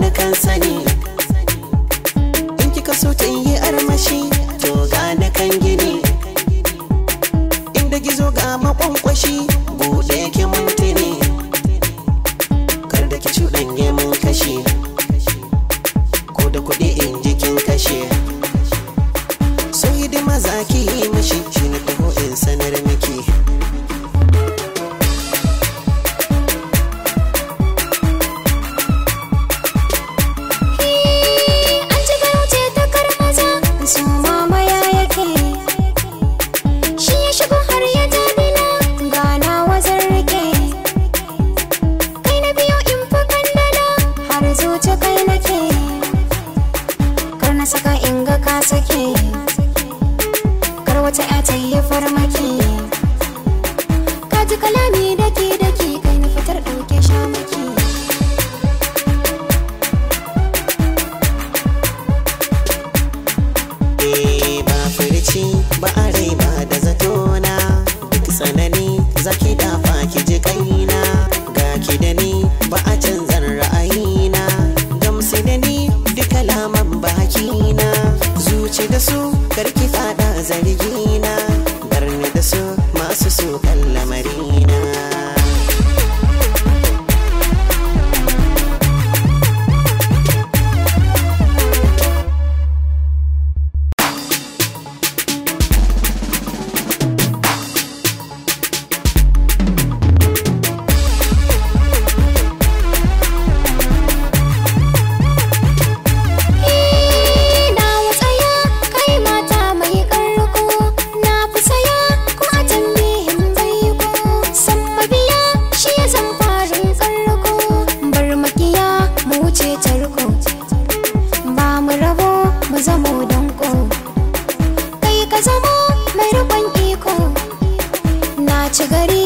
ni kan sani in kika so ta yi armashi to ga na kan gini inda gizo ga makwankwashi bude ki mintini kar da ki cuɗanye mun kashe, ko da kuɗi in jikin kashe so hidima za ki yi mishi zuci nake kar na saka in ga ka kar wata ya ta yi farmaki da su karki fada zargina garni da su masu su kan mu zamo danko kai ka zama mai rikon iko na ci gari